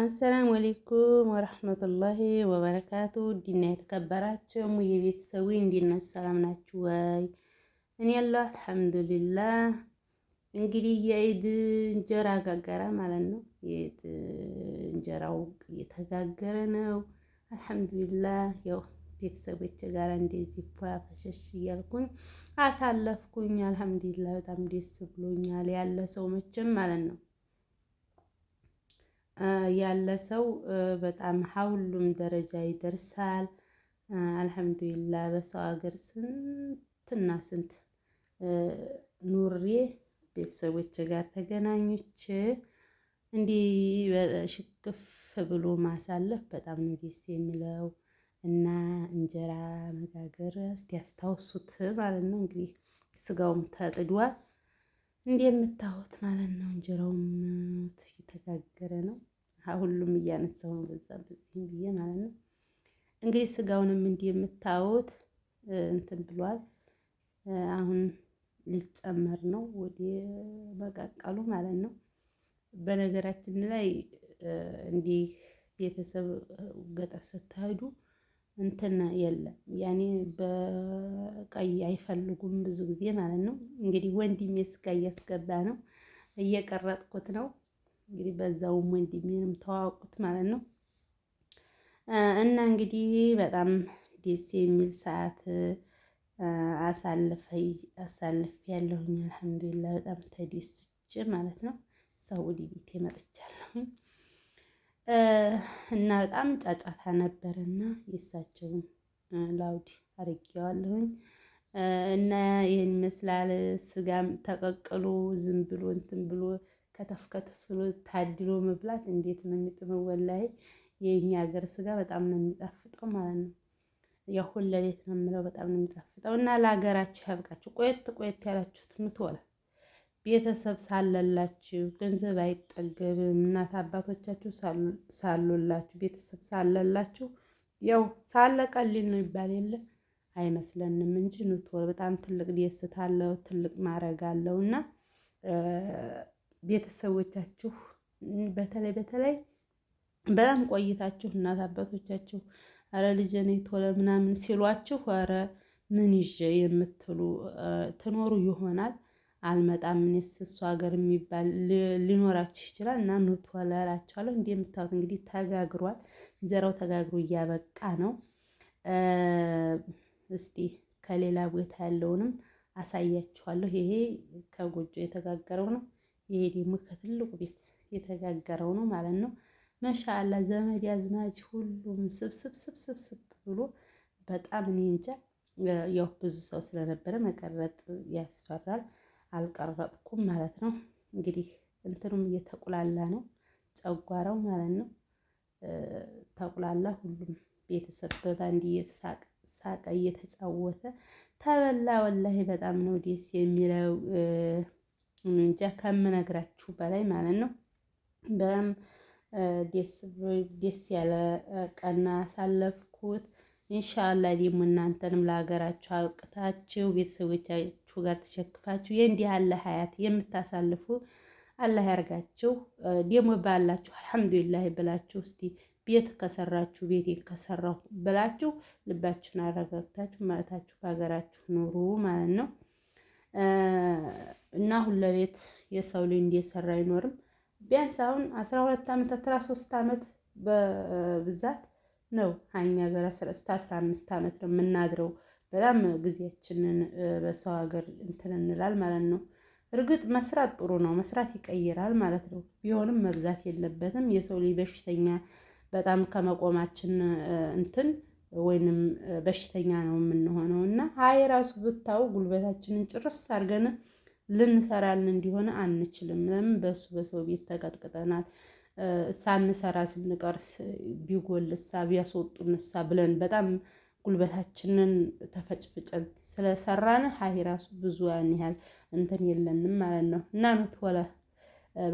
አሰላሙ አሌይኩም ወረህመቱላሂ ወበረካቱ ዲና የተከበራቸው ሙዬ ቤተሰቡ እንዴት ናችሁ? ሰላም ናችሁ ወይ? እኔ ያለው አልሐምዱሊላህ። እንግዲህ የኢድ እንጀራ ጋገራ ማለት ነው። የኢድ እንጀራው እየተጋገረ ነው። አልሐምዱሊላህ ያው ቤተሰቦች ጋር እንደዚህ ፈሸሽ እያልኩኝ አሳለፍኩኝ። አልሐምዱሊላህ በጣም ደስ ብሎኛል። ያለ ሰው መቼም ማለት ነው ያለ ሰው በጣም ሀውሉም ደረጃ ይደርሳል። አልሐምዱሊላ በሰው ሀገር ስንትና ስንት ኑሬ ቤተሰቦች ጋር ተገናኞች እንዲህ ሽክፍ ብሎ ማሳለፍ በጣም ነው ደስ የሚለው። እና እንጀራ መጋገር እስቲ ያስታውሱት ማለት ነው። እንግዲህ ስጋውም ተጥዷል እንደምታዩት ማለት ነው። እንጀራውም የተጋገረ ነው። ሁሉም እያነሳው ነው በዛ በዚህም ብዬ ማለት ነው። እንግዲህ ስጋውንም እንዲህ የምታዩት እንትን ብሏል። አሁን ሊጨመር ነው ወደ መቀቀሉ ማለት ነው። በነገራችን ላይ እንዲህ ቤተሰብ ገጠር ስታሄዱ እንትን የለም ያኔ በቀይ አይፈልጉም ብዙ ጊዜ ማለት ነው። እንግዲህ ወንድሜ ስጋ እያስገባ ነው፣ እየቀረጥኩት ነው። እንግዲህ በዛውም ወንድሜንም ተዋወቁት ማለት ነው። እና እንግዲህ በጣም ደስ የሚል ሰዓት አሳልፈይ አሳልፍ ያለሁኝ አልሐምዱሊላ በጣም ተደስች ማለት ነው። ሳውዲ ቤት መጥቻለሁኝ እና በጣም ጫጫታ ነበረና የሳቸውን ላውድ አርጌዋለሁኝ እና ይህን ይመስላል። ስጋም ተቀቅሎ ዝም ብሎ እንትን ብሎ ከተፍ ከተፍ ታድሎ መብላት እንዴት ነው የሚጥመው? ወላሂ የኛ ሀገር ስጋ በጣም ነው የሚጣፍጠው ማለት ነው። ያው ሁለሌት ነው የምለው በጣም ነው የሚጣፍጠው። እና ለሀገራችሁ ያብቃችሁ። ቆየት ቆየት ያላችሁት ምትወላ ቤተሰብ ሳለላችሁ ገንዘብ አይጠገብም። እናት አባቶቻችሁ ሳሉላችሁ ቤተሰብ ሳለላችሁ ያው ሳለቀልን ነው ይባል የለ አይመስለንም እንጂ ኑትወል በጣም ትልቅ ደስታ አለው፣ ትልቅ ማረግ አለው እና ቤተሰቦቻችሁ በተለይ በተለይ በጣም ቆይታችሁ እናት አባቶቻችሁ አረ ልጄ ቶለ ቶሎ ምናምን ሲሏችሁ አረ ምን ይዤ የምትሉ ትኖሩ ይሆናል። አልመጣም እኔስ እሱ ሀገር የሚባል ሊኖራችሁ ይችላል። እና ኑ ቶሎ እላችኋለሁ። እንዲህ የምታዩት እንግዲህ ተጋግሯል፣ ዘራው ተጋግሮ እያበቃ ነው። እስቲ ከሌላ ቦታ ያለውንም አሳያችኋለሁ። ይሄ ከጎጆ የተጋገረው ነው። ይሄ ደግሞ ከትልቁ ቤት የተጋገረው ነው ማለት ነው። መሻአላ ዘመድ አዝማጅ ሁሉም ስብስብ ስብስብ ብሎ በጣም እኔ እንጃ። ያው ብዙ ሰው ስለነበረ መቀረጥ ያስፈራል። አልቀረጥኩም ማለት ነው። እንግዲህ እንትኑም እየተቁላላ ነው ጨጓራው ማለት ነው። ተቁላላ ሁሉም ቤተሰብ በባንድ እየተሳቀ እየተጫወተ ተበላ። ወላሂ በጣም ነው ደስ የሚለው። እንጃ ከምነግራችሁ በላይ ማለት ነው። በጣም ደስ ያለ ቀና ሳለፍኩት እንሻላ ደግሞ እናንተንም ለሀገራችሁ አውቅታችሁ ቤተሰቦቻችሁ ጋር ተሸክፋችሁ የእንዲህ ያለ ሀያት የምታሳልፉ አላህ ያርጋችሁ። ደግሞ ባላችሁ አልሐምዱሊላህ ብላችሁ እስቲ ቤት ከሰራችሁ ቤት ከሰራሁ ብላችሁ ልባችሁን አረጋግታችሁ ማለታችሁ በሀገራችሁ ኑሩ ማለት ነው። እና ሁለሌት የሰው ልጅ እንደሰራ አይኖርም። ቢያንስ አሁን አስራ ሁለት ዓመት አስራ ሶስት ዓመት በብዛት ነው ሀኛ ሀገር እስከ አስራ አምስት ዓመት ነው የምናድረው። በጣም ጊዜያችንን በሰው ሀገር እንትን እንላል ማለት ነው። እርግጥ መስራት ጥሩ ነው፣ መስራት ይቀይራል ማለት ነው። ቢሆንም መብዛት የለበትም የሰው ልጅ በሽተኛ በጣም ከመቆማችን እንትን ወይንም በሽተኛ ነው የምንሆነው እና ሀይ ራሱ ብታው ጉልበታችንን ጭርስ አድርገን ልንሰራልን እንዲሆነ አንችልም። ለምን በሱ በሰው ቤት ተቀጥቅጠናል። ሳንሰራ ስንቀርስ ቢጎል እሳ ቢያስወጡን እሳ ብለን በጣም ጉልበታችንን ተፈጭፍጨን ስለሰራን ሀይ ራሱ ብዙ ያን ያህል እንትን የለንም ማለት ነው እና ኑትወለ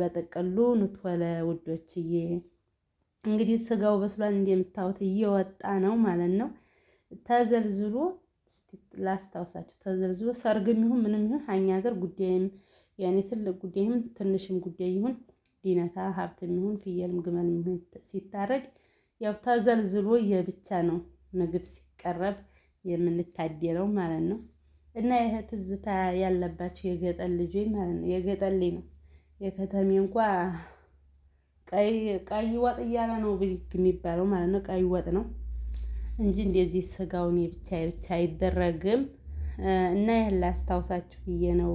በጠቀሉ ኑትወለ ውዶችዬ እንግዲህ ስጋው በስሏል እንደምታዩት እየወጣ ነው ማለት ነው። ተዘልዝሎ ላስታውሳችሁ፣ ተዘልዝሎ ሰርግም ይሁን ምንም ይሁን ሀኛ ሀገር ጉዳይም ያኔ ትልቅ ጉዳይም ትንሽም ጉዳይ ይሁን ዲነታ ሀብትም ይሁን ፍየልም ግመልም ይሁን ሲታረድ ያው ተዘልዝሎ የብቻ ነው ምግብ ሲቀረብ የምንታደለው ማለት ነው። እና ይሄ ትዝታ ያለባቸው የገጠር ልጅ ማለት ነው። የገጠር ልጅ ነው የከተሜ እንኳ ቀይ ወጥ እያለ ነው ብግ የሚባለው ማለት ነው። ቀይ ወጥ ነው እንጂ እንደዚህ ስጋውን የብቻ የብቻ አይደረግም። እና ይህን ላስታውሳችሁ ብዬ ነው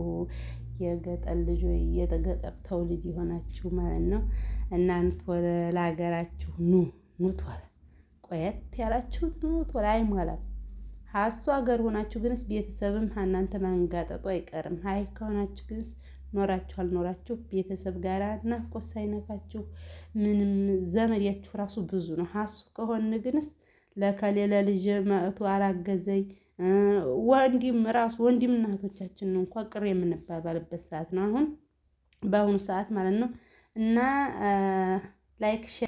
የገጠር ልጅ ወይ የገጠር ተው ልጅ የሆናችሁ ማለት ነው። እናንተ ወደ ለሀገራችሁ ኑ ኑ ቶሎ ቆየት ያላችሁት ኑ ቶሎ አይሟላም። ሀሱ ሀገር ሆናችሁ ግንስ ቤተሰብም እናንተ መንጋጠጡ አይቀርም። ሀይ ከሆናችሁ ግንስ ኖራችሁ አልኖራችሁ ቤተሰብ ጋር ናፍቆት ሳይነካችሁ ምንም ዘመድያችሁ ራሱ ብዙ ነው። ሀሱ ከሆን ግንስ ለከሌለ ልጅ መእቱ አላገዘኝ ወንድም ራሱ ወንድም እናቶቻችን እንኳ ቅር የምንባባልበት ሰዓት ነው አሁን በአሁኑ ሰዓት ማለት ነው እና ላይክ